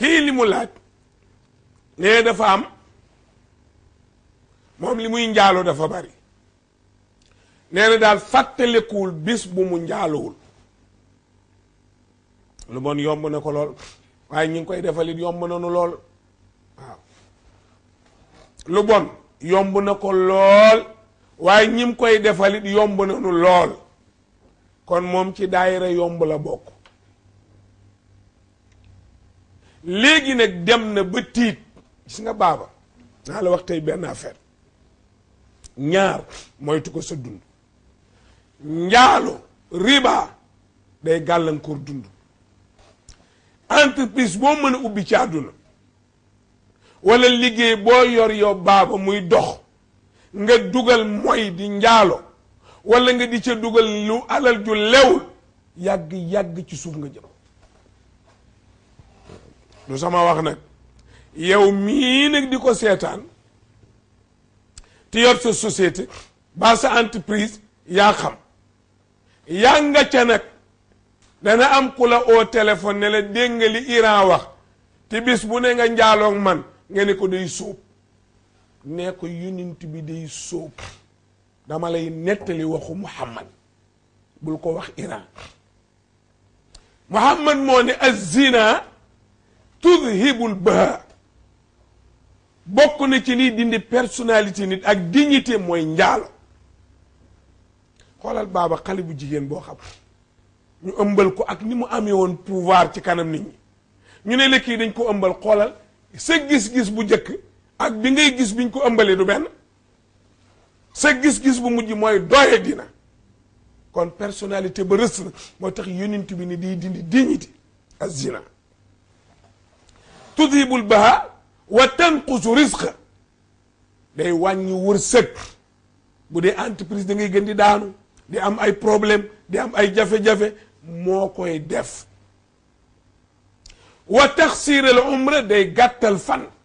kii li mu laaj nee dafa am moom li muy njaaloo dafa bari nee na daal fàttalikuwul bis bu mu njaalowul lu bon yomb na ko lool waaye ñu ngi koy defalit yomb na nu lool waaw yomb na ko lool waaye ñi koy defalit yomb nu lool kon moom ci daayira yomb la bokk léegi nag dem na ba tiit gis nga baaba naa la wax tey benn affaire ñaar moytu ko sa dund njaalo riba day gàllankoor dund entreprise boo mën a ubbi ci àdduna wala liggéey boo yor yow baaba muy dox nga dugal moy di njaalo wala nga di ca dugal lu alal ju lewul yàgg yàgg ci suuf nga jëm du sama wax nag yow mii di ko seetaan ti yor sa societe ba sa entreprise yaa xam yaa nga ca nag dana am ku la oo téléphone ne la dégg Iran wax te bis bu ne nga njaaloog man nga ne ko day sóob nee ko yonent bi day sóob dama lay nettali waxu Muhammad bul ko wax Iran Muhammad moo ne az zina tudhibu lbaha bokk na ci liy dindi personnalité nit ak dignité mooy njaalo xoolal baaba xale bu jigéen boo xam ñu ëmbal ko ak ni mu amee woon pouvoir ci kanam nit ñi ñu ne lekk yi dañ ko ëmbal xoolal sa gis-gis bu njëkk ak bi ngay gis biñ ko ëmbalee du benn sa gis-gis bu mujj mooy doye dina kon personnalité ba rës na moo tax yonent bi ni di dindi dignité ak zina تذهب البهاء وتنقص رزقه day wàññi wërsëg bu dee entreprise da ngay gën di daanu di am ay problème di am ay jafe-jafe moo koy def wa taxsir al umra day gàttal fan